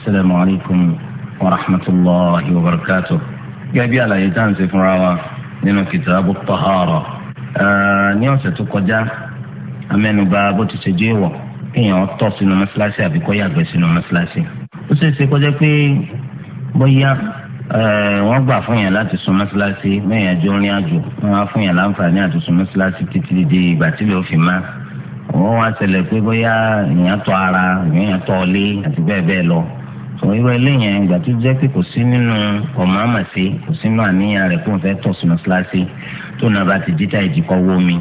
السلام عليكم ورحمة الله وبركاته جابي على يدان سفراوة روا kìtàbù tọ́hárà ní ọ̀sẹ̀ tó kọjá amẹ́nubà bó ti ṣe jẹ́ أبي kéèyàn tọ̀ sínú mọ́ṣáláṣí àbí kó yàgbẹ́ sínú mọ́ṣáláṣí. ó ṣeé ṣe kọjá pé bóyá wọ́n gbà fún yàn láti sun mọ́ṣáláṣí mẹ́yìn àjọ orin àjò wọ́n á fún yàn láǹfààní àti sun mọ́ṣáláṣí títí di ìgbà tí lè fi má. wọ́n wá ṣẹlẹ̀ pé bóyá ìyàn tọ̀ ara ìyàn tọ̀ ọlé àti bẹ́ẹ̀ bẹ́ẹ̀ lọ sọ irú eléyẹn ìgbà tó jẹ́ pé kò sí nínú ọmọ àmàṣe kò sí nínú àníyàn rẹ̀ kó n fẹ́ tọ̀ sí mọ́ṣáláṣí tó náà bá ti jíjà ìjìkọ́ wó mi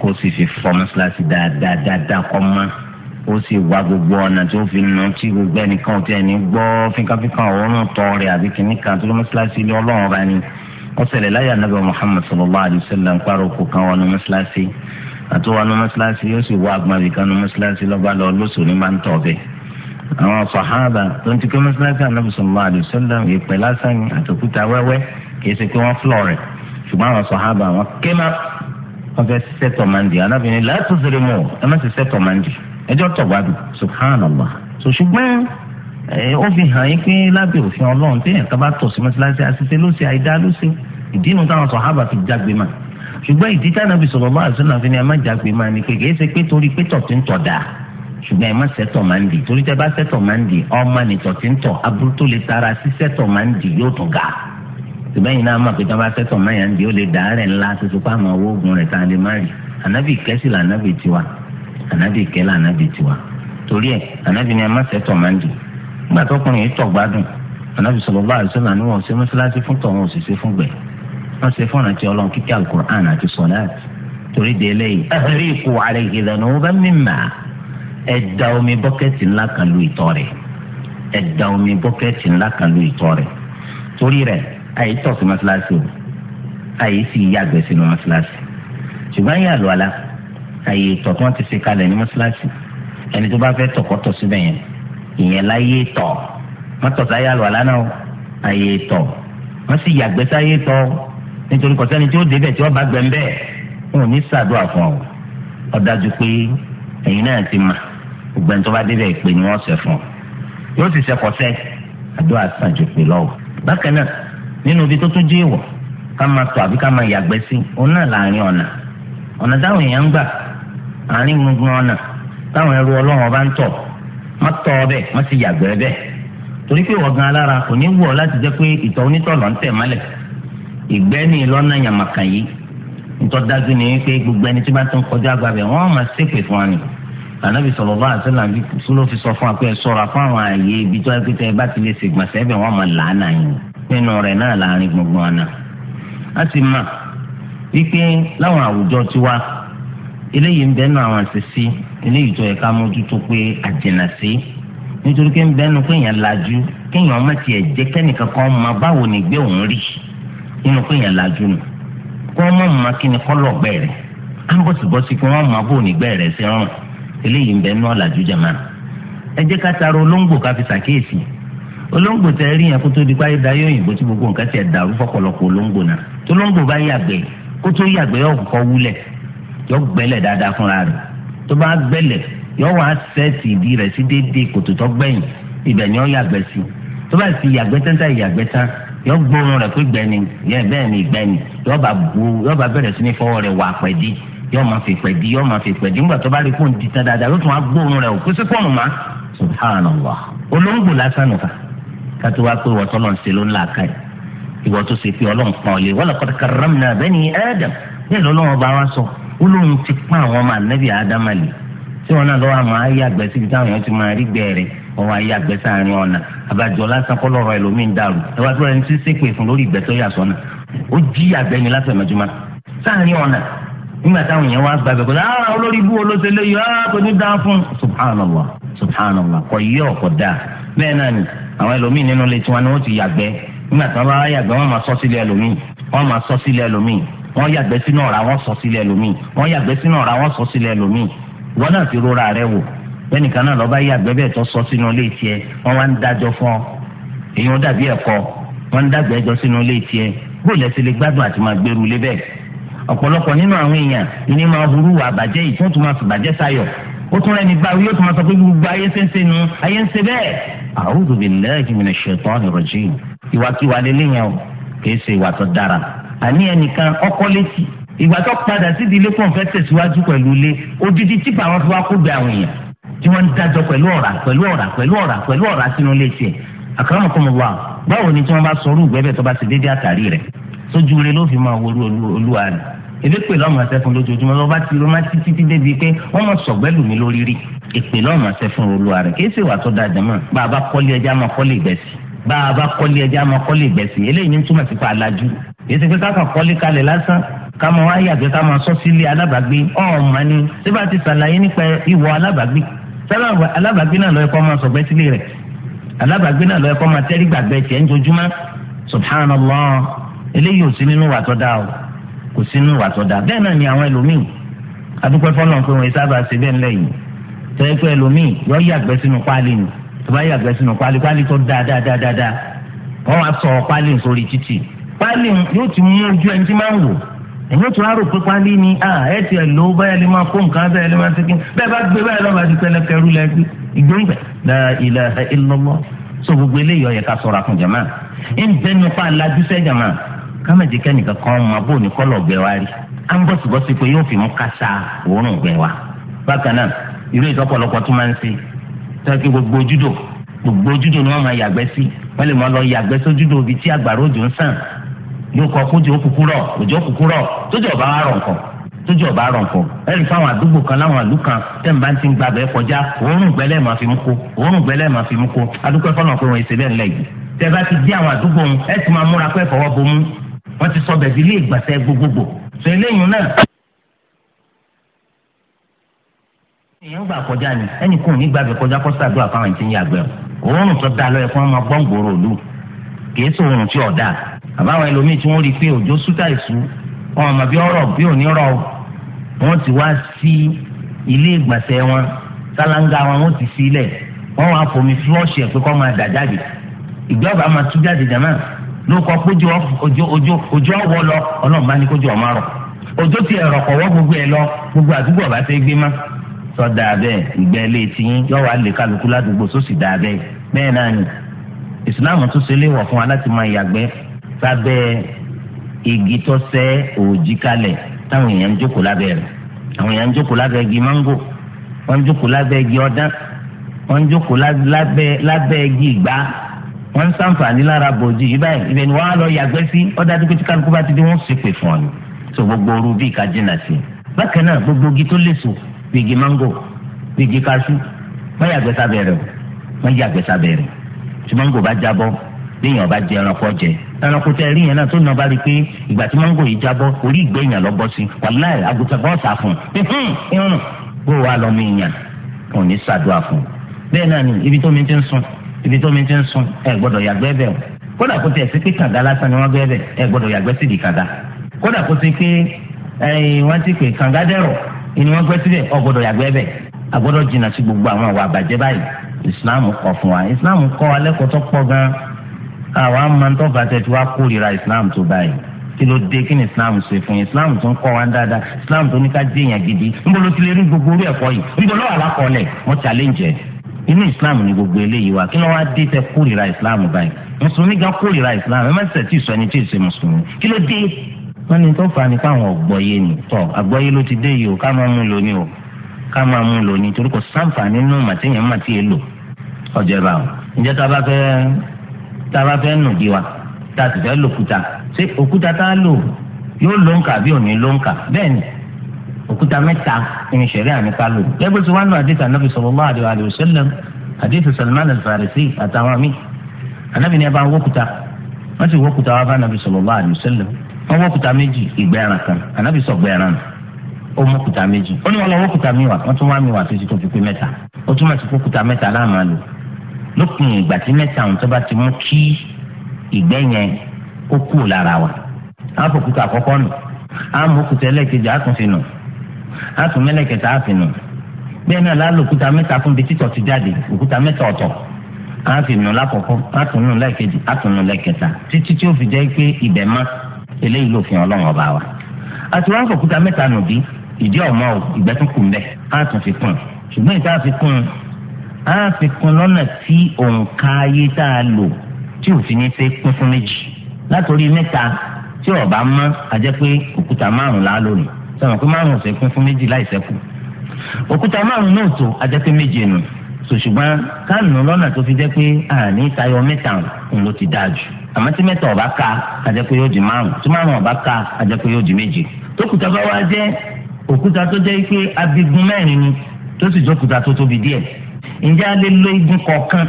kó sì fi fọ mọ́ṣáláṣí dáadáa dáadáa kọ́ mọ́ ó sì wá gbogbo ọ̀nà tó fi nù tí gbogbo ẹnìkan ò tí ẹni gbọ́ fínkàfínkà òórùn tọ́ rẹ̀ àbí kìíní kan tó ló mọ́ṣáláṣí ilé ọlọ́run ọba ni ó ṣẹlẹ̀ láyà nàbẹ Muhammad sallallahu alayhi wa sallam pàrọ̀kù kan wọnú mọ́ṣáláṣí àtúwọnú mọ́ṣáláṣí ó sì wá agbọ̀n àbíkanú mọ́ṣáláṣí lọ́ba lọ lóṣù ní máa ń bẹ́ẹ̀ àwọn sàhábà tó ń ti kọ́ mọ́sálásí ànábì sallallahu alaihi wasallam ìpè lásán ni àtòkúta wẹ́wẹ́ kìí ṣe pé wọ́n fúlọ̀ rẹ̀ ṣùgbọ́n àwọn sàhábà wọn ké má wọ́n fẹ́ sẹ́tọ̀ mandi ànábì ni la tuzlimu ẹ má ti sẹ́tọ̀ mandi ẹjọ́ tọ̀gbádùn subhanallah so ṣùgbọ́n ó fi hàn yín pé lábẹ́ òfin ọlọ́run tí ẹ̀ka bá tọ̀ sí mọ́sálásí àṣìṣe ló ṣe àìdá ló ṣe ìdí nu táwọn sàhábà fi jágbe mà ṣùgbọ́n ìdí tánàbì sallallahu alaihi wasallam fi ni ẹ má jágbe mà ni pé kìí ṣe pé torí pé tọ̀ ti ń ṣùgbọ́n ẹ má sẹ́tọ̀ máa ń dì torí tẹ bá sẹ́tọ̀ máa ń dì ọmọ nìtọ̀ tí ń tọ̀ aburú tó lè tara sí sẹ́tọ̀ máa ń dì yóò tún ga ṣùgbọ́n náà mọ̀ pé tí wọ́n bá sẹ́tọ̀ máa yà ń ó lè dà rẹ̀ ńlá tó pa àwọn owó oògùn rẹ̀ tá a lè má rì ànábì kẹ́sì là ànábì tiwa ànábì kẹ́ là ànábì tiwa torí ẹ̀ ànábì ni ẹ má sẹ́tọ̀ máa ń dì nígbà tọkùnrin yìí tọ̀ gbádùn ànábì sallallahu alaihi wasallam ni wọ́n ṣe mọ́ṣáláṣí fún tọ̀hún òṣìṣẹ́ fún gbẹ̀ wọ́n ṣe ẹ da omi bọ́kẹ́tì ńlá kan lu ìtọ̀ rẹ̀ ẹ da omi bọ́kẹ́tì ńlá kan lu ìtọ̀ rẹ̀ torí rẹ̀ àyè tọ̀ sí mọ́ṣáláṣí o àyè sì yàgbẹ́ sínú mọ́ṣáláṣí ṣùgbọ́n yà lọ àlá àyè ìtọ̀ tí wọ́n ti ṣe kalẹ̀ ní mọ́ṣáláṣí ẹni tó bá fẹ́ tọ̀kọ́tọ̀ síbẹ̀ yẹn ìyẹn láyé tọ̀ mọ́tọ̀ sáyà lọ àlá náà àyè tọ̀ wọ́n sì yàgbẹ́ sáyè tọ̀ nítorí gbogbo ẹni tó bá débẹ̀ ìpè ni wọ́n ṣe fún ọ yóò sì ṣe kọsẹ́ àdúrà sàn pè lọ́wọ́ bákan náà nínú ibi tó tún jẹ́ ìwọ̀ ká máa tọ̀ àbí ká máa yàgbẹ́ sí òun náà láàrin ọ̀nà ọ̀nà táwọn èèyàn ń gbà àárín gbogbo ọ̀nà táwọn ẹrú ọlọ́run ọba ń tọ̀ ọ bẹ́ẹ̀ má sì yàgbẹ́ bẹ́ẹ̀ torí pé alára kò ní láti jẹ́ pé ìtọ̀ ànábì sọ̀rọ̀ bá àti nàbí sóló fi sọ fún wa pé ẹ sọ̀rọ̀ fún àwọn àyè ibi tó ẹ pété ẹ bá ti lè ṣègbọ̀nsẹ̀ ẹbẹ̀ wọn mọ̀ làánà yìí nínú rẹ̀ náà láàrin gbogbo ọ̀nà. a sì mà wípé láwọn àwùjọ tiwa eléyìí ń bẹ́nu àwọn àṣìṣe eléyìí tó yẹ mójútó pé àjìnà sí nítorí pé ń bẹ́nu pé èèyàn lajú kéèyàn ọmọ tiẹ̀ jẹ́ kẹ́nìkan kan máa báwo ni gbé òun rí nínú pé èèyàn lajú nù kó ọmọ mọ kí ni kọ́lọ̀ gbẹ̀rẹ̀ á ń bọ̀sibọ́sí pé wọ́n máa bò ní gbẹ̀rẹ̀ sí rọrùn eléyìí ń bẹ nínú ọ̀làjú jàmá ẹ jẹ́ ká taro olóńgbò ká fi ṣàkíyèsí olóńgbò tẹ rí yẹn kó tó di páyé dayé òyìnbó tí gbogbo nǹkan tiẹ̀ dàrú fọ́pọ̀lọpọ̀ olóńgbò náà tó olóńgbò bá yàgbẹ́ kó tó yàgbẹ́ yọ kọ́kọ́ wúlẹ̀ yọ gbẹ́lẹ̀ dáadáa fúnra rẹ̀ tó bá gbẹ́lẹ̀ yọ wá sẹ́ẹ̀tì ìdí rẹ̀ sí déédéé kòtò tó gbẹ̀yìn ibẹ̀ ni yọ yàgbẹ́ sí tó bá sì yàgbẹ́ tán tá yàgbẹ́ tán yọ gbóòórùn rẹ̀ pé gbẹ́ni yẹ bẹ́ẹ̀ ni gbẹ́ni yọ bá bẹ̀rẹ̀ sí ní fọwọ́ rẹ̀ wà pẹ̀dí yóò máa fi pẹ̀dí yóò máa fi pẹ̀dí ńgbà tó bá rí fóun dìtàn dáadáa yóò tún wá gbóòórùn rẹ̀ òkú sí pọ̀nù má subhanallah olóńgbò lásán nù fà kátó wá pé wọ́tọ́ náà ṣe ló ń là ká yìí ìwọ́n tó ṣe pé ọlọ́run kan lè wọ́n lọ́kọ́ karramna bani Adam bẹ́ẹ̀ lọ́lọ́run ọba wa sọ ó lóun ti pa àwọn ọmọ ànábì ádámà lè tí wọn náà lọ́wọ́ àmọ́ ayé àgbẹ̀ síbi táwọn èèyàn ti máa rí gbẹ̀rẹ̀ ọwọ́ ayé àgbẹ̀ sáàrin ọ̀nà àbájọ lásán kọ́ lọ́rọ̀ ẹlòmíín dàrú ẹwà tó rẹ̀ ń ṣe pé fún lórí ìgbẹ́ yà sọ́nà ó jí àgbẹ̀ ni lásán mẹ́jọ́má sáàrin ọ̀nà nígbà táwọn èèyàn wá gbàgbé kó ah olórí ibú olóṣèlú yìí ah kò ní dáa fún subhanallah subhanallah kò yí ọkọ dáa bẹ́ẹ̀ náà ni àwọn ẹlòmíín nínú ilé tiwọn ni wọ́n ti yàgbẹ́ nígbà tí wọ́n bá yàgbẹ́ wọ́n máa sọ sílẹ̀ ẹlòmíín wọ́n máa sọ sílẹ̀ ẹlòmíín wọ́n yàgbẹ́ sínú ọ̀rá wọ́n sọ sílẹ̀ ẹlòmíín wọ́n yàgbẹ́ sínú ọ̀rá wọ́n sọ sílẹ̀ ẹlòmíín wọ́n náà ti rora rẹ̀ wò bẹ́nìkan náà lọ́ba yàgbẹ́ bẹ́ẹ̀ tó sọ sínú ilé tiẹ̀ wọ́n wá ń dájọ́ fún ọ èyí dàbí ẹ̀kọ́ wọ́n ń dàgbẹ́ sínú ilé tiẹ̀ bóòlù ẹ̀sìn lè gbádùn àti máa gbèrú lé bẹ́ẹ̀ ọ̀pọ̀lọpọ̀ nínú àwọn èèyàn ní máa burú wà bàjẹ́ yìí tí wọ́n tún máa fi bàjẹ́ sayọ̀ ó tún rẹ́ni báwo yóò tún máa sọ pé gbogbo ayé ń ṣe nu ayé ń ṣe bẹ́ẹ̀. a'udhu billahi minash shaitani rajim ìwàkiwà lélẹ́yìn o kì í ṣe ìwà tó dára àní ẹnìkan ọkọ létí ìgbà tó padà sídi ilé fún ọ̀fẹ́ tẹ̀síwájú pẹ̀lú ilé odidi típa àwọn fi wá kó gbé àwọn èèyàn tí wọ́n ń dájọ́ pẹ̀lú ọ̀rà pẹ̀lú ọ̀rà pẹ̀lú ọ̀rà pẹ̀lú ọ̀rà sínú ilé tiẹ̀ akramakumullah báwo ni tí wọ́n bá sọ orú ìgbẹ́bẹ̀ tó bá ti dédé àtàrí rẹ̀ sójú rẹ ló fi máa wọlú olúwa rẹ̀ èdèpè lọ́mọ sẹ́fún lójoojúmọ́ lọ́ba ti lọ́mọ títí tí débi pé wọ́n mọ̀ sọ̀gbẹ́lù mi lórí rí èpè lọ́mọ sẹ́fún olúwa rẹ̀ kì í sì wà tó dáa jẹ́mọ́ bá a bá kọ́lé ẹja máa kọ́lé ìgbẹ́sì bá a bá kọ́lé ẹja máa kọ́lé ìgbẹ́sì eléyìí ń túmọ̀ sí pa alájú èyí ti pé káàkà kọ́lé kalẹ̀ lásán ká máa wá yàgbẹ́ ká máa sọ sílé alábàágbé ọ̀ọ́mà ni subhanallah eléyìí ò sí nínú kò sínú ìwà sọdá bẹ́ẹ̀ náà ni àwọn ẹlòmíì adúpẹ́ fọlọ́n pé wọ́n sábà ṣe bẹ́ẹ̀ ńlẹ̀ yìí tẹ́lẹ̀ pé ẹlòmíì yọ yàgbẹ́ sínú páálí ni tó bá yàgbẹ́ sínú páálí páálí tó dáa dáa dáa dáa wọ́n wá sọ páálí sórí títì páálí yóò ti mú ojú ẹni tí máa ń wò èmi tún á rò pé páálí ni ẹ ti ẹ̀ lò ó báyà lè máa kó nǹkan bẹ́ẹ̀ lè máa tẹ́kí bẹ́ẹ̀ bá gbé báyà lọ́ba ti pẹ́lẹ́ kẹrú lẹ́ ìgbóǹgbẹ̀ la ilaha illallah so gbogbo eléyìí ó yẹ ká ṣọ́ra fún kámẹ́jì kẹ́nìkan kan mọ abó ní kọ́lọ̀ gbẹ wa rí à ń bọ̀sibọ́sí pé yóò fi mú kásá òórùn gbẹ wa. bákan náà irú ìtọ́pọ̀lọpọ̀ tún máa ń ṣe tọ́kí gbogbo ojúdò gbogbo ojúdò ni wọ́n máa yàgbẹ́ sí wọ́n lè máa lọ yàgbẹ́ sójúdò ibi tí àgbàrá òjò ń sàn yóò kọ kójú òkùnkùn rọ òjò òkùnkùn rọ tójú ọba wa rọ̀ nǹkan tójú ọba rọ̀ nǹkan ẹ̀rí fáwọn àdúgbò kan láwọn àlù kan tẹ̀ ń bá ti ń gbàgbẹ́ kọjá òórùn gbẹ́lẹ́ máa fi mú kó òórùn gbẹ́lẹ́ máá fi mú kó adúpẹ́ fọlọ́n pé wọ́n ṣe bẹ́ẹ̀ yìí tẹ bá ti dé àwọn àdúgbò ń ẹ ti máa múra pé fọwọ́ bomú wọ́n ti sọ bẹ̀bí ilé ìgbàsẹ̀ gbogbogbò sọ eléyìí náà. èèyàn gbà kọjá ni ẹnì kan ò ní gbàgbé kọjá kó ṣàdúrà fáwọn ìtìyìn àgbẹ̀ òórùn tó dáa lọ́yẹ̀ fún ọmọ gbọ́ngbòrò òlu kìí sọ òórùn tí ò dáa àbáwọn ẹlòmíì tí wọ́n rí i pé òjò sútà ìṣú wọn àmọ́ bí ọ̀rọ̀ bí òní rọ̀ wọ́n ti wá sí ilé ìgbàsẹ̀ wọn sálángà wọn wọ́n ti sílẹ̀ wọ́n wá fomi fúlọ́ọ̀ṣì ẹ̀ pé kọ́ máa dà jáde ìgbẹ́ ọba máa tú jáde jàmáà ló kọ kójú ojú ojú ojú ọwọ lọ Ọlọ́run bá ní kójú ọmọ rọ ojú ti ẹrọ kọwọ gbogbo ẹ lọ gbogbo àdúgbò ọba tẹ gbé má sọ dáa bẹ́ẹ̀ ìgbẹ́ ilé tiyín yọ wà lè kálukú ládùúgbò sósì dáa bẹ́ẹ̀ bẹ́ẹ̀ náà ni ìsìláàmù tún ṣe léèwọ̀ fún wa láti máa yàgbẹ́ sábẹ́ igi tó sẹ́ òòjì kalẹ̀ táwọn èèyàn ń jókòó lábẹ́ rẹ̀ àwọn èèyàn ń jókòó lábẹ́ igi máńgò wọ́n ń jókòó lábẹ́ igi ọ̀dán wọ́n ń jókòó lábẹ́ igi ìgbá wọ́n ń sàǹfààní lára bòójì yìí báyìí ibẹ̀ ni wọ́n á lọ yàgbẹ́ sí ọ̀dà tó pété kálukú bá ti dé wọ́n sì pè fún ọ ni tó gbogbo ooru bíi ká jìnnà sí i bákan náà gbogbo igi tó lè so bíi igi máńgò bíi igi kaṣú wọ́n yàgbẹ́ sábẹ́ rẹ̀ wọ́n yàgbẹ́ sábẹ́ rẹ̀ tí máńgò bá jábọ́ léèyàn bá jẹ ẹranko jẹ ẹranko tẹ rí yẹn náà tó nà bá rí i pé ìgbà tí máńgò yìí jábọ́ orí ìgbẹ́yàn lọ bọ́ sí wàláì àgùntàn ibi tó mi ti ń sun ẹ gbọ́dọ̀ yàgbẹ́ bẹ̀ o kódà kó tiẹ̀ sí pé kàga lásán ni wọ́n gbẹ́ bẹ̀ ẹ gbọ́dọ̀ yàgbẹ́ síbi kàga kódà kó ti pé wọ́n ti pè kàga dẹ̀rọ̀ ni wọ́n gbẹ́ síbẹ̀ ọ gbọ́dọ̀ yàgbẹ́ bẹ̀ a gbọ́dọ̀ jìnnà sí gbogbo àwọn àwa àbàjẹ́ báyìí islam kọ́ fún wa islam kọ́ alẹ́kọ̀ọ́ tó pọ̀ gan àwa máa ń tọ́ bàtẹ́ tí wàá kórìíra islam tó báyìí kí ló dé kí ni islam ṣe fún yín islam tó ń kọ́ wa dáadáa islam tó ní ká dé èèyàn gidi ń bolo ti lè rí gbogbo orí ẹ̀kọ́ yìí ń bolo àlàkọ́ọ̀lẹ̀ wọ́n challenge ẹ̀ inú islam ni gbogbo eléyìí wà kí ló wá dé tẹ kórìíra islam báyìí mùsùlùmí gan kórìíra islam ẹ má ṣe tí ìsọ ẹni tí ì ṣe mùsùlùmí kí ló dé wọn ni tó fa ni káwọn ọgbọyé ni tọ àgbọyé ló ti dé yìí o ká máa mú lóní o ká máa mú lóní torí kò sáǹfààní nínú màtíyàn màtí èlò ọjọ ìbá o ǹjẹ́ tá a bá fẹ́ tá a bá fẹ́ nù di tá a sì fẹ́ lòkúta ṣé òkúta tá a lò yóò lóǹkà bí òní lóǹkà bẹ́ẹ̀ ni òkúta mẹ́ta ní sẹ̀rí àníká lò lẹ́gbẹ̀ẹ́ tí wọ́n nù àdìsí anábì sallallahu alaihi wa sallam àdìsí Salman al-Farisi àtàwọn míì anábì ní ẹ bá ń wọ́n sì wọ́kúta wá bá anábì sallallahu alaihi wa sallam wọ́n wọ́kúta méjì ìgbẹ́ran kan anábì sọ gbẹ́ran ó mú kúta méjì ó ní wọn lọ wọ́kúta míwà wọ́n tún wá míwà tó ti tó fi pé mẹ́ta ó túmọ̀ sí kúta mẹ́ta láàmú àtún mẹ́lẹ̀kẹta àfìnù bẹ́ẹ̀ náà lálòkúta mẹ́ta fún bí títọ̀ ti jáde òkúta mẹ́ta ọ̀tọ̀ àfìnù lákọ̀ọ́kọ́ àtúnú lẹ́ẹ̀kejì àtúnú lẹ́ẹ̀kẹta títí tí ó fi jẹ́ pé ibẹ̀ má eléyìí lòfin ọlọ́run ọba wa àti wọn fòkúta mẹ́ta nù bí ìdí ọmọ o ìgbẹ́ tó kù mbẹ́ á tún fi kún ṣùgbọ́n ìta fi kún á fi kún lọ́nà tí òǹkà ayé tá a lò tí òfin ní ṣe pín fún méjì látòrí mẹ́ta tí ọba mọ́ àjẹ́ pé òkúta márùn-ún lá lónìí sọ̀rọ̀ pé márùn ọ̀sẹ̀ pín fún méjì láì sẹ́kù òkúta márùn náà tó ajẹ́pẹ́ méje nù sọ ṣùgbọ́n káànù lọ́nà tó fi jẹ́ pé àní tayọ mẹ́ta òun ló ti dáa jù àmọ́ tí mẹ́ta ọ̀bá ka ajẹ́pẹ́ yóò di márùn tí márùn ọ̀bá ka ajẹ́pẹ́ yóò di méje tókùtà bá wá jẹ́ òkúta tó jẹ́ pé abigun mẹ́rin ni tó sì jókúta tó tóbi díẹ̀ ǹjẹ́ a lè igun kọ̀ọ̀kan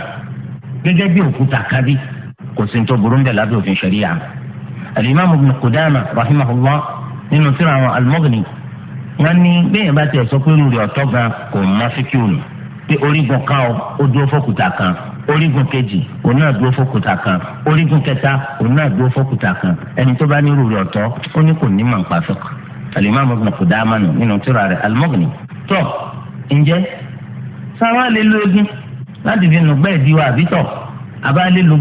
gẹ́gẹ́ bí òkúta kan kò sí ní tó burú ń bẹ̀ lábẹ́ òfin ṣẹ̀ríyà Al-Imam Ibn Qudama rahimahullah nínú tíra àwọn alimọ́gìnì wọ́n ní bẹ́ẹ̀ bá tiẹ̀ sọ pé irú rẹ̀ ọ̀tọ̀ gan kò má fíkìú nù pé orígun kan ó dúró fókùtà kan orígun kejì òun náà dúró fókùtà kan orígun kẹta òun náà dúró fókùtà kan ẹni tó bá ní irú rẹ̀ ọ̀tọ̀ ó ní kò ní màǹpa fẹ́k alimami ibn Qudama nù nínú tíra rẹ̀ alimọ́gìnì tó ǹjẹ́ sáwọn lè lo láti fi nùgbẹ́ ìdíwọ̀ àbítọ̀ àbá lè lo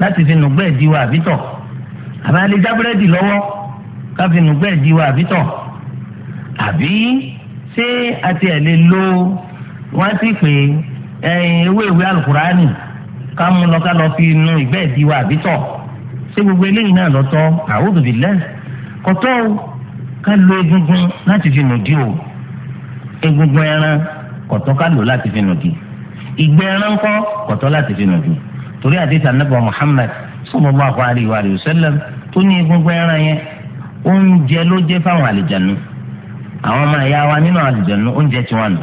láti fi nùgbẹ́ ìdíwọ̀ àbítọ̀ àbá lè lọ́wọ́ káfí nùgbẹ́ ìdí wa àbí tọ̀ àbí ṣé àti ẹ̀ lè lo wọ́n ti pè ẹ̀yìn ewé ìwé alukurani ká mú lọ ká lọ fi nu ìgbẹ́ ìdí wa àbí tọ̀ ṣé gbogbo eléyìí náà lọ tọ́ a'udhu billah kọ́tọ́ ká lo egungun láti fi nùdí o egungun ẹran kọ̀tọ́ ká lò láti fi nùdí ìgbẹ́ ẹran kọ́ kọ̀tọ́ láti fi nùdí torí àdìsá nàbà Muhammad sallallahu alaihi wa sallam tó ní egungun ẹran yẹn oúnjẹ ló jẹ́ fáwọn àlìjànú àwọn ọmọ ẹ̀yà wa nínú àlìjànú oúnjẹ tí wọ́n nù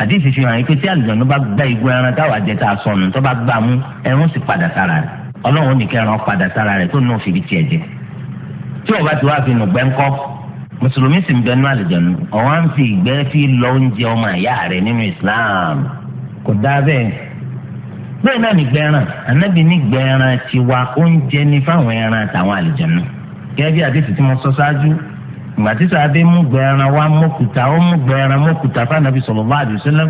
àdìsí fi hàn yín pé tí àlìjànú bá gba igbó ẹran táwọn àjẹta sọnù tó bá gbà mú ẹran sì padà sára rẹ̀ ọlọ́run ní kẹran padà sára rẹ̀ tó nù fìdí tiẹ̀ jẹ tí ọba ti wá fi nù gbẹ́ńkọ́ mùsùlùmí sì ń bẹ nínú àlìjànú ọ̀wá ń fi ìgbẹ́ fi lọ oúnjẹ ọmọ ẹ̀yà rẹ̀ nínú Islam kò dáa bẹ́ẹ̀ bẹ́ẹ̀ náà ní gbẹ́ràn ànábì ní gbẹ́ràn tiwa oúnjẹ ní fáwọn ẹran àtàwọn àlìjànú gẹ́gẹ́ bí àdéhùn tí mo sọ ṣáájú ìgbà sàbẹ mú gbẹran wá mọkùtà ó mú gbẹran mọkùtà fànàbí sallallahu alaihi wasallam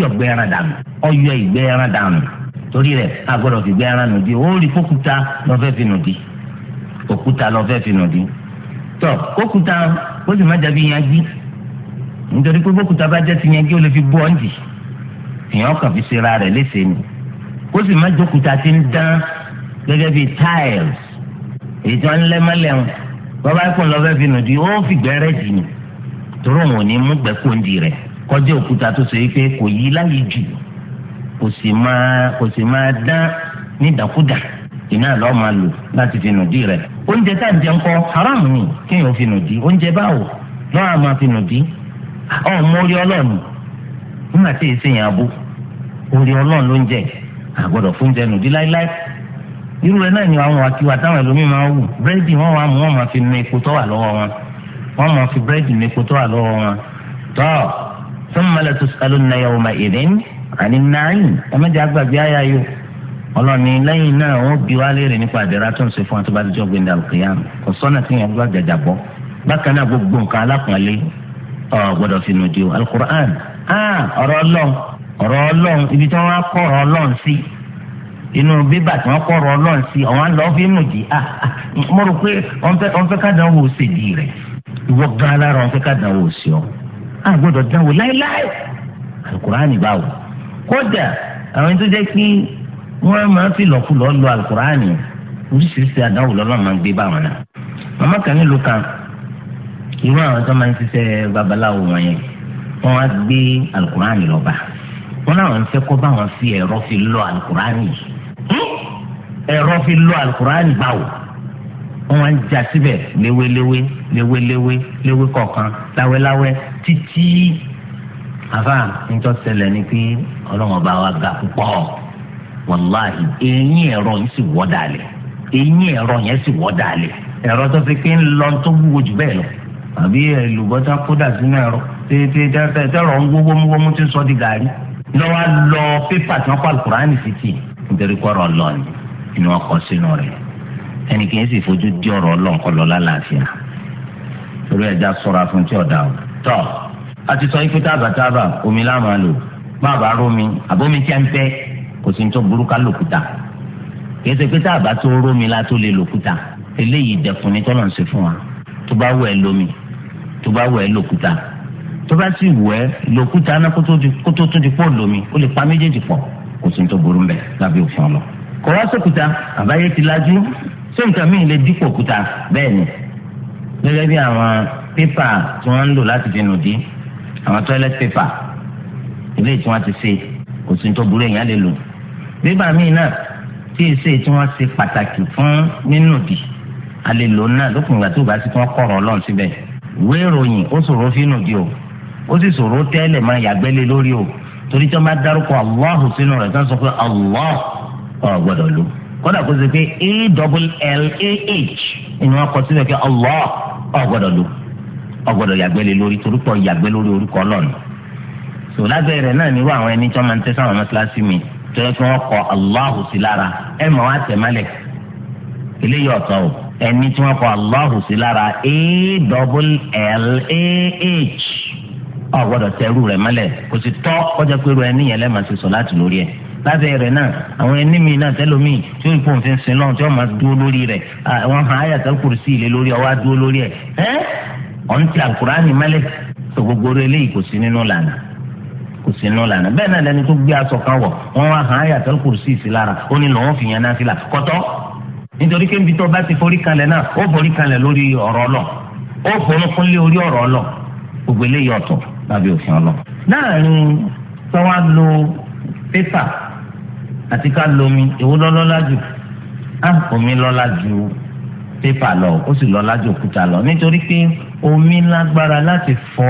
yọ gbẹran dànù ọyọ ìgbẹran dànù torí rẹ̀ agbọ́dọ̀ fi gbẹran nù di ó kókùtà lọfẹ fi nù di òkúta lọfẹ fi tọ kókùtà ó sì má dàbí yanjú nítorí pé kókùtà bá jẹ ti yanjú ó lè fi fi ṣera ni ó sì má jókùtà ti èyí tí wọ́n ń lẹ́ mọ́lẹ̀ wọn bàbá ẹ̀kọ́ lọ fi nù di ó jì ní tóró wọn ò ní mú gbẹ́kọ̀ǹdì rẹ kọjá òkúta tó so yìí pé kò yí láyé jù kò sì máa kò sì máa dán lọ́ọ́ máa lò láti fi nù di rẹ̀ oúnjẹ tá à ń ni kéèyàn fi nù di oúnjẹ báwo lọ́wọ́ máa fi nù di ọlọ́ọ̀nù nígbà tí èsì yẹn irú rẹ̀ náà ni àwọn àtiwà táwọn ẹlòmíì máa wù búrẹ́dì wọn wà mú wọn máa fi mẹ epo tó wà lọ́wọ́ wọn wọn máa fi búrẹ́dì mẹ epo tó wà lọ́wọ́ wọn tó thumma latus'alunna yawma idhin 'anin na'im ẹ̀mẹ́jẹ àgbàgbé àyà yìí ọlọ́ni lẹ́yìn náà wọ́n bí wá léèrè nípa àdẹ̀rà tó ń ṣe fún àtúbà àdìjọ́ gbẹ̀ndà òkèèyàn kò sọ́nà tí yẹn gbọ́ àgàjà bọ́ bákan náà gbogbo nǹkan alápọ̀nlé gbọ́dọ̀ fi nù di o alukur'an ọ̀rọ̀ ọlọ́run ọ̀rọ̀ ọlọ́run ibi tí wọ́n á kọ́ ọ̀rọ̀ ọlọ́run sí inú bíbà tí wọ́n kọ̀rọ̀ ọlọ́run sí ọ̀wọ́n lọ fi mú di ah, ah, mo rò pé wọ́n fẹ́ ká dánwò ṣèdí rẹ̀ ìwọ gan alára wọ́n fẹ́ ká dánwò sí ọ a gbọ́dọ̀ dánwò láéláé alukurani báwo kódà àwọn tó jẹ́ pé wọ́n máa fi lọ́kùlọ́ lọ alukurani oríṣiríṣi àdánwò lọ́lọ́run máa ń gbé báwọn náà màmá kan nílùú kan irú àwọn tó máa ń ṣiṣẹ́ babaláwo wọn yẹn wọ́n wá gbé alukurani lọ́ba wọ́n náà wọ́n fẹ́ kó báwọn fi ẹ̀rọ fi lọ alukurani yìí ẹ̀rọ fi lo alukurani báwo wọn ń já síbẹ̀ léwéléwé léwéléwé léwé kọ̀ọ̀kan láwẹ́láwẹ́ títí àfa níjọ́ ṣẹlẹ̀ ni pé ọlọ́run ọba wa ga púpọ̀ wàláhì eyín ẹ̀rọ yẹn sì wọ́ dalẹ̀ eyín ẹ̀rọ yẹn sì wọ́ dalẹ̀ ẹ̀rọ tó fi pé ń lọ tó wúwo jù bẹ́ẹ̀ lọ àbí ẹlùbọ́tà kódà sínú ẹ̀rọ tètè tẹ́tẹ́rọ ń gbó wọ́múwọ́mú tí ń sọ di gàrí lọ́wọ́ lọ pépà tí wọ́n kọ́ àlùkùránì sí tì nítorí kọ́rọ̀ lọ́ọ̀ni ni wọ́n kọ sínú rẹ̀ ẹnì kìí sì fojú di ọ̀rọ̀ ọlọ́nkọlọ lálàáfíà torí ẹja sọ́ra fún tí ọ̀dà o tọ́ a ti sọ ife tábàtábà omi láàmú lò má bàa rómi àbómi tí a ń fẹ́ kò sí ní tó burúkú lòkúta kìí ṣe pé tábà tó rómi la tó lè lòkúta eléyìí dẹkùn ní tọ́lọ̀ ń ṣe fún wa tó bá wù ẹ́ lómi tó bá wù ẹ́ lòkúta tó bá sì wù ẹ́ lòkúta náà kó tó tún pọ̀ lómi ó lè pa méjèèjì pọ̀ kò sí ní tó burú mbẹ́ lábẹ́ òfin ọlọ́ọ̀ kò wá sókúta àbáyé ti lajú ṣé nǹkan míì lè dípò òkúta bẹ́ẹ̀ ni gẹ́gẹ́ bí àwọn pépà tí wọ́n ń lò láti fi nù dí àwọn toilet paper ilé tí wọ́n ti ṣe kò sí tó burú èèyàn lè lò pépà míì náà tí èsè tí wọ́n ṣe pàtàkì fún nínú dì a lè lò náà lópin ìgbà tó bá sí kí wọ́n kọ̀rọ̀ ọlọ́run síbẹ̀ ìwé ìròyìn ó ṣòro fínú di o ó sì ṣòro tẹ́lẹ̀ máa yàgbẹ́lẹ̀ lórí o torí tí wọ́n bá dárúkọ Allah sínú rẹ̀ tí wọ́n sọ pé Allah ọ̀ gbọ́dọ̀ lò kódà kó ṣe pé awlah ni wọ́n kọ sílẹ̀ pé allah ọ̀ gbọ́dọ̀ lò ọ̀ gbọ́dọ̀ yàgbẹ́ lórí torúkọ lórí orúkọ so lábẹ́ náà nírú àwọn ẹni tí wọ́n máa ń tẹ́ sáwọn mi kí wọ́n kọ sí lára ẹ o ẹni tí wọ́n kọ a rẹ̀ mọ́lẹ̀ kò sì tọ́ kọjá pé ru ẹni yẹn ṣe sọ lábẹ́ rẹ̀ náà àwọn ẹni mi náà tẹ́lómi tí ó ipò òfin sin náà tí wọ́n máa dúró lórí rẹ̀ wọ́n hàn áyàtọ̀ sí ilé lórí ọwọ́ dúró lórí ẹ̀ ẹ́ ọ̀n ti àkùránì mẹ́lẹ̀ tó gbogbo rẹ̀ kò sí nínú lànà kò sí nínú lànà bẹ́ẹ̀ náà lẹni tó gbé aṣọ kan wọ̀ wọ́n wá sí lára ó ní lọ́wọ́ fi náà sí kọ́tọ́ nítorí pé tó àti ká lomi èwo lọ́lọ́lá jù á ah, omi lọ́lá jù pépà lọ ó sì lọ́lá jù òkúta lọ nítorí pé omi lágbára láti fọ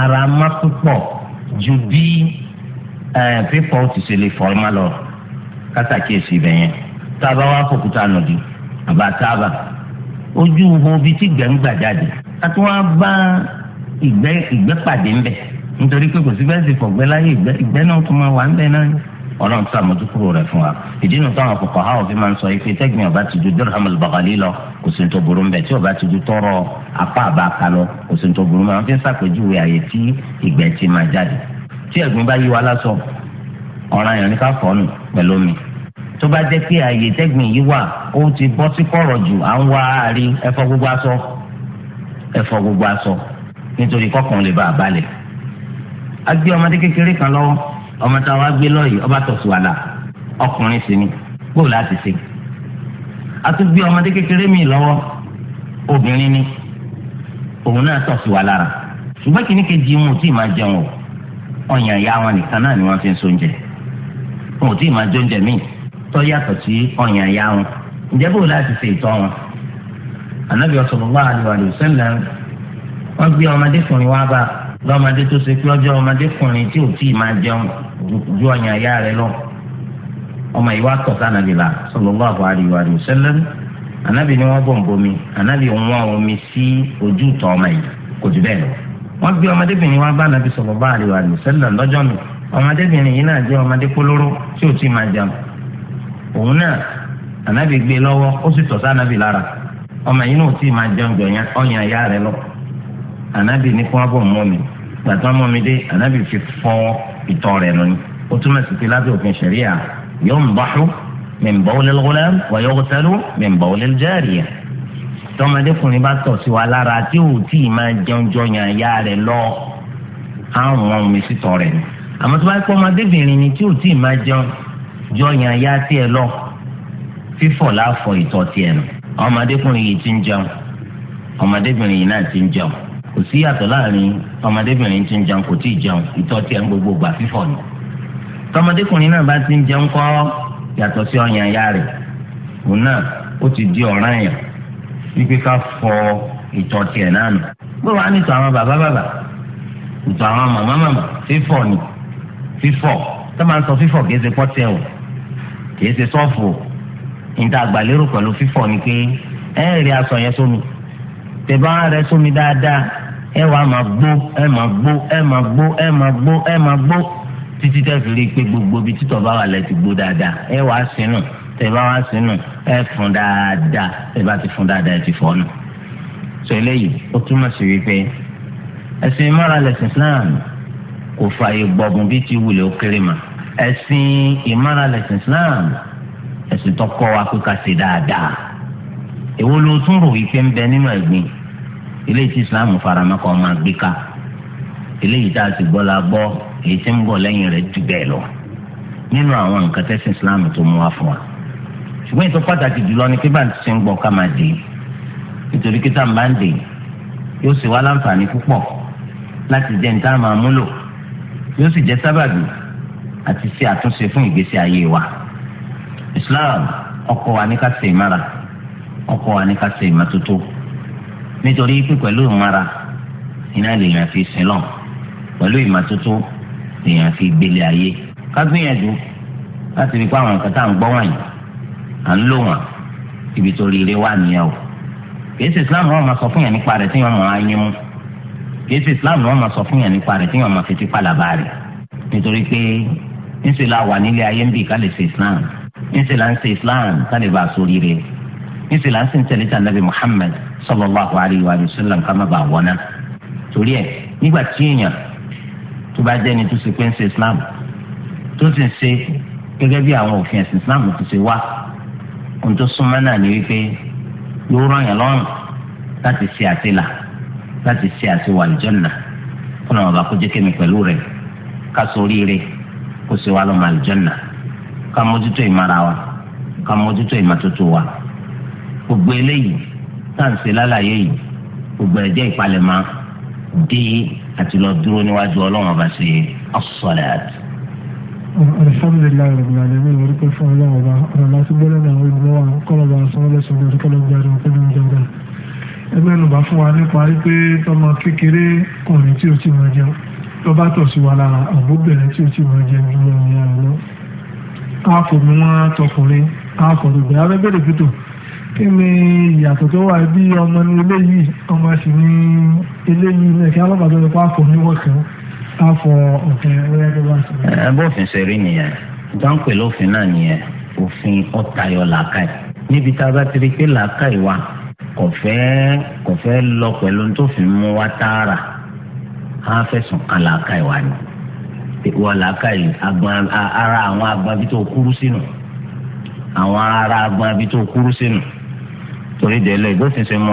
ara má púpọ̀ ju bí pépà ó ti ṣe lè fọ ọmọ lọ kátàkìyèsí ibẹ̀ yẹn tá a bá wá fòkúta nùdí àbá tábà ojú wo bi tí gbẹ̀ ń gbà jáde àti wọn bá ìgbẹ́ ìgbẹ́ pàdé ńbẹ nítorí pé kò sí bẹ́ẹ̀ sì fọ̀gbẹ́ láyé ìgbẹ́ náà tún máa wà ńbẹ náà ọlọ́run tí àmójúkúrò rẹ̀ fún wa ìdí nu táwọn kòkò ha òfin máa ń sọ yìí pé tẹ́gbìn ọba ti ju dirham al-baghali lọ kò sí tó burú mbẹ tí ọba ti ju tọrọ apá àbáka lọ kò sí tó burú mbẹ wọn fi ń sàpèjúwe àyè tí ìgbẹ́ ti máa jáde tí ẹ̀gbin bá yí wa lásọ ọ̀ràn yẹn ká fọ́ nù pẹ̀lú omi tó bá jẹ́ pé àyè tẹ́gbìn yìí wà ó ti bọ́ sí kọ̀rọ̀ jù à ń wá àárí ẹ̀fọ́ gbogbo aṣọ ẹ̀fọ́ gbogbo aṣọ nítorí kọ́kàn lè bá a balẹ̀ ọmọdé kékeré kan lọ́wọ́ ọmọ tá a wá gbé lọ́yìí ọba tọ̀sù àlà ọkùnrin sí ni kó láti ṣe. a tún gbé ọmọdé kékeré mi lọ́wọ́ obìnrin ni òun náà tọ̀sù wà lára ṣùgbọ́n kìíní kejì wọn ò tí ì máa jẹun o ọ̀yàn ìyá wọn nìkan náà ni wọ́n fi ń so oúnjẹ wọn ò tí ì máa jẹ oúnjẹ míì tó yàtọ̀ sí ọ̀yàn ìyá wọn ǹjẹ́ bó láti ṣe ìtọ́ wọn. ànábì sallallahu alaihi wasallam wọ́n gbé ọmọdékùnrin wá bá lọ́mọdé tó ṣe pé ọjọ́ ọmọdékùnrin tí ò tí ì máa jẹun ju ọyàn àyà rẹ lọ ọmọ iwa wá tọ̀ sànàbì la sallallahu alaihi wa sallam ni wọ́n bọ̀ ń anabi ànábì wọ́n omi sí ojú tọ̀ ọmọ yìí kò jù bẹ́ẹ̀ lọ. wọ́n gbé ọmọdébìnrin wá bá ànábì sallallahu alaihi wa sallam lọ́jọ́ mi ọmọdébìnrin yìí ọmọdé polóró tí ò o ì máa rẹ lọ ni mi mi fi ìtọ̀ rẹ̀ nù ni ó túmọ̀ sí pé lábẹ́ òfin ṣẹ̀ríà yóò ń báṣú min bawli al-ghulam wa yughtalu min bawli al-jariya tọmọdékùnrin bá tọ̀ sí wa lára tí ò tí ì máa jẹun jọyàn ìyá rẹ̀ lọ àwọn omi sítọ̀ rẹ̀ ni àmọ́ tó bá pẹ́ ni tí ò tí ì máa jẹun jọyàn ìyá tiẹ̀ lọ fífọ̀ láfọ̀ ìtọ̀ tiẹ̀ nù ọmọdékùnrin yìí ti ń jẹun ọmọdébìnrin yìí náà ti ń jẹun kò sí yàtọ̀ láàrin ọmọdébìnrin tí ń jẹun kò tí ì jẹun ìtọ́ tí ẹ̀ ń gbogbo gbà fífọ̀ ni tọmọdékùnrin náà bá ti ń jẹun kọ́ yàtọ̀ sí ọyàn ya rẹ̀ òun náà ó ti di ọ̀ràn yàn wípé ká fọ ìtọ̀ tiẹ̀ náà nù bó wàá nìtọ̀ àwọn bàbá bàbá ìtọ̀ àwọn màmá màmá fífọ̀ ni fífọ̀ tó máa ń sọ fífọ̀ kìí ṣe pọ́tẹ́ o kìí ṣe sọ́ọ̀fù o níta àgbàlérò pẹ̀lú fífọ̀ ni pé ẹ̀ẹ́rì aṣọ yẹn sómi tẹ̀bá rẹ sómi dáadáa ẹ wàá máa gbó ẹ máa gbó ẹ máa gbó ẹ máa gbó ẹ máa gbó títí tẹ́ fi rí i pé gbogbo ibi títọ̀ bá wà lẹ́ ti gbó dáadáa ẹ wàá sínú tẹ́ bá wàá sínú ẹ fún dáadáa tẹ́ bá ti fún dáadáa ẹ ti fọ́ nù. sọ eléyìí ó túmọ̀ sí wípé ẹ̀sìn ìmọ̀ra lẹ̀sìn Islam kò fààyè gbọ̀gùn bí ti wulẹ̀ ó kéré mà ẹ̀sìn ìmọ̀ra lẹ̀sìn Islam ẹ̀sìn tó kọ́ wa pé ká ṣe dáadáa èwo ló tún rò wípé ń bẹ nínú ẹ̀gbìn eléyìí tí islam faramọ́kọ́ máa gbé ká eléyìí tá a sì gbọ́ la gbọ́ èyí tí ń bọ̀ lẹ́yìn rẹ̀ jù bẹ́ẹ̀ lọ nínú àwọn nǹkan tẹ́sí islam tó mú wá fún wa ṣùgbọ́n ètò pàtàkì jùlọ ni pé bá ń ṣe ń gbọ́ ká máa dé nítorí pé tá bá ń dé yóò sì wá láǹfààní púpọ̀ láti jẹ́ ní máa múlò yóò sì jẹ́ sábàbí àti ṣe àtúnṣe fún ìgbésí ayé wa islam ọkọ̀ wa ní ká ṣe ìmára ọkọ̀ wa ní ká ṣe ìmọ́tótó nítorí pé pẹ̀lú ìmọ̀ra iná lèèyàn fi sílọ̀ pẹ̀lú ìmọ́tótó lèèyàn fi gbélé ayé ká gbìyànjú láti rí i pé àwọn nǹkan tá à ń gbọ́ wọ̀nyí à ń lò wọ́n ibi tó rí ire wà nìyẹn o kìí Islam wọn máa sọ fún yàn nípa rẹ̀ tí wọ́n máa ń yín mú kìí Islam wọn máa sọ fún yàn nípa rẹ̀ tí wọ́n máa fi tipa làbá rẹ̀ nítorí pé ńṣe la wà nílé ayé ń bì ká lè ṣe Islam ńṣe la ń ṣe Islam ká lè bá a sórí rẹ̀ ńṣe la ń ṣe ń tẹ̀lé tàn nàbì Muhammad sallallahu alaihi wa sallam ká má bàa wọná torí ẹ nígbà tí èèyàn tó bá jẹ́ni tó ṣe pé ń ṣe islam tó sì ń ṣe gẹ́gẹ́ bí àwọn òfin ẹ̀sìn islam tó ṣe wá ohun tó súnmọ́ náà ni wípé yóò ràn yàn lọ́rùn láti ṣe àtìlà láti ṣe àtiwà àlùjọ́nà kó náà bá kó jẹ́ kémi pẹ̀lú rẹ̀ ká sórí kó ṣe wá lọ́mọ àlùjọ́nà ká mójútó ìmọ̀ra wa ká mójútó ìmọ̀tótó wa gbogbo eléyìí táǹsì lálàyé yìí gbogbo ẹ̀jẹ̀ ìpalẹ̀mọ́ dé àti lọ dúró níwájú ọlọ́run ọba sí as-salat. alhamdulilayi rabil alamin wàllu kò fún ọlọ́run ọba ọ̀rọ̀ láti gbọ́dọ̀ náà wọ́n mọ́ wa kọ́lọ̀ bá sọ́wọ́ lẹ́sọ̀ ní ọdún kọ́lọ̀ gbàdúrà pẹ̀lú ìjọba. ẹgbẹ́ ẹnu bá fún wa nípa wípé tọmọ kékeré kùnrin tí o ti mọ jẹun tó bá tọ̀ sí wa lára àbúbẹ̀rẹ̀ tí o ti mọ jẹun jùlọ ní àná. a kò mú wọn tọkùnrin a kò rògbè abẹ́bẹ̀rẹ̀ pító kí ni ìyàtọ̀ tó wà bí ọmọ ní eléyìí ọmọ sì ní eléyìí náà kí alábàá tó lè pa àfọ̀ níwọ̀kẹ́ àfọ̀ ọ̀kẹ́ ẹ̀rẹ́ tó bá sọ. ẹ bófin nìyẹn dáńpẹ̀ lófin náà nìyẹn òfin ọ̀tayọ̀ làákàyè níbi tá a bá ti rí pé làákàyè wa kò fẹ́ kò lọ pẹ̀lú tó fi mú wa wa ni wọ́n làákàyè ara àwọn tó kúrú sínú torí délé bó sì ṣe mú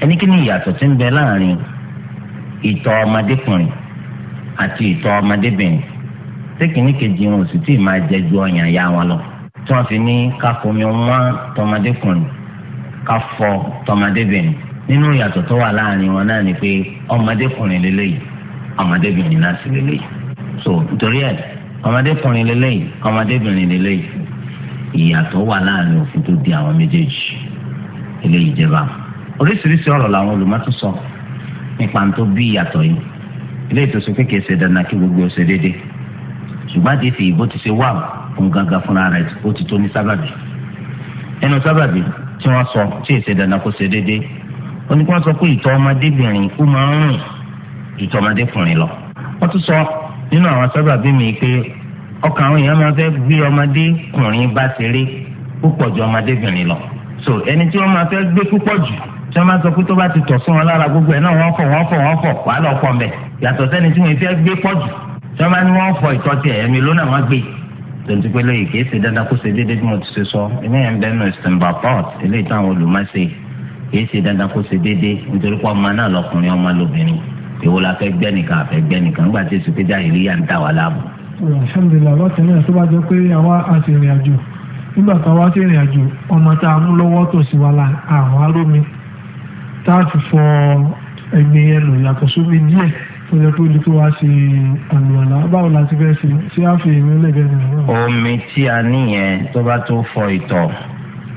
ni ìyàtọ̀ ti ń bẹ láàrin ìtọ̀ ọmọdékùnrin àti ìtọ̀ ọmọdébìnrin tí kìíní kejì wọn ò tí tíì máa jẹ ju ọyàn ya wọn lọ tí wọn fi ní káfọmi wọn tọmọdékùnrin ká tọmọdébìnrin nínú ìyàtọ̀ tó so nítorí ẹ ọmọdékùnrin lélẹ́yìí ọmọdébìnrin ìyàtọ̀ wà láàrin òfin tó di àwọn méjèèjì eléyìí jẹba oríṣiríṣi ọ̀rọ̀ làwọn olùmọ́tò sọ nípa tó bí ìyàtọ̀ yìí eléyìí tó sọ pé kìí ṣe dandan kí gbogbo ọ̀sẹ̀ dédé ṣùgbọ́n àti ìfì ìbò ti ṣe wà fún gangan fúnra rẹ̀ ó ti tó ní sábàbí nínú sábàbí tí wọ́n sọ tí èsè dandan kó ṣe dédé ó ní kí wọ́n sọ pé ìtọ̀ ọmọdébìnrin ó máa ń rìn ìtọ̀ ọmọdékùnrin lọ wọ́n tún sọ nínú àwọn sábàbí mi pé ọkàn àwọn èèyàn máa fẹ́ gbé ọmọdékùnrin bá ṣeré púpọ̀ ju ọmọdébìnrin lọ so ẹni tí wọ́n máa fẹ́ gbé púpọ̀ jù tí wọ́n máa sọ pé tó bá ti tọ̀ sí wọn lára gbogbo ẹ̀ náà wọ́n fọ̀ wọ́n fọ̀ wọ́n fọ̀ wàá lọ pọ̀ mbẹ̀ yàtọ̀ sẹ́ni tí wọ́n fẹ́ gbé pọ̀ jù tí wọ́n bá ní wọ́n fọ ìtọ́ tiẹ̀ ẹ̀mí ló náà wọ́n gbé tontu pé lóye kìí ṣe dandan kó ṣe déédéé bí mo ti ṣe sọ ẹni yẹn bẹ́ẹ̀ nù ìsìnbà port eléyìí táwọn olùmọ̀ọ́sẹ̀ kìí ṣe dandan kó ṣe déédéé nítorí pé ọmọ náà lọkùnrin ọmọ lóbìnrin ìwọ la fẹ́ gbẹ́ nìkan alhamdulilayi wọ́n tẹ̀lé ẹ̀ tó bá jẹ́ pé àwa àti ìrìn àjò nígbà tá a wá sí ìrìn àjò ọmọ tá a mú lọ́wọ́ tó sì wà lá àwọn arómi tá a fi fọ ẹgbẹ́ yẹn lò yàtọ̀ sómi díẹ̀ tó yẹ kó di tó wá sí àlùwàlá báwo la ti fẹ́ ṣe ṣé a fi èmi lẹ́gbẹ̀ẹ́ nìyẹn. omi tí a níyẹn tó bá tó fọ ìtọ̀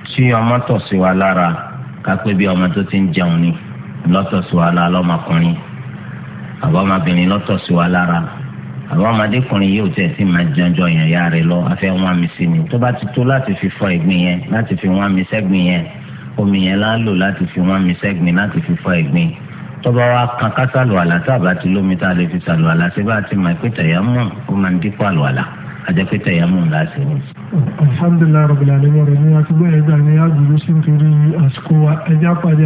tí ọmọ tọ̀ sí wa lára ká pé bí ọmọ tó ti ń jẹun ni lọ́tọ̀ sí wa lára lọ́mọkùnrin àbọ̀mọbìnrin lọ́tọ̀ sí wa lára àwọn ọmọdékùnrin yóò tẹ̀ sí máa jẹunjọ yẹn ya rẹ lọ afẹ́ wọn mi sí ni tó bá ti tó láti fi fọ ìgbín yẹn láti fi wọn mi sẹ́gbìn yẹn omi yẹn lá lò láti fi wọn mi sẹ́gbìn láti fi fọ ìgbín tó bá wa kan ká sàlù àlá tá a ti lómi tá a lè fi sàlù àlá sí ti máa pé tẹ̀yàmù ó máa ń dípò àlù àlá ajẹ́ pé tẹ̀yàmù ńlá sí ni. alhamdulilayi rabil alayi rẹ ni àti bẹ́ẹ̀ gbà ní àgùrú sí nítorí àsìkò wa ẹja pàdé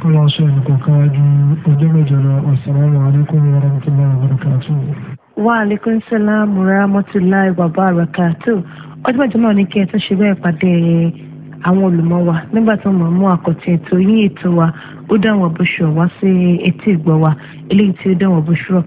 kọ́lá ṣe nìkọ̀ọ̀kan ju ọjọ́ mẹ́jọ lọ assalamu alaikum warahmatullahi wabarakatuh. wa alaikum salam warahmatullahi wabarakatuh ọjọ́ mẹ́jọ náà ní kí ẹ tún ṣe bẹ́ẹ̀ pàdé àwọn olùmọ̀ wa nígbà tí wọ́n mú àkọ́tì ètò yín ètò wa ó dáwọn bó ṣe wá sí etí ìgbọ́ wa eléyìí tí ó dáwọn bó ṣe rọ̀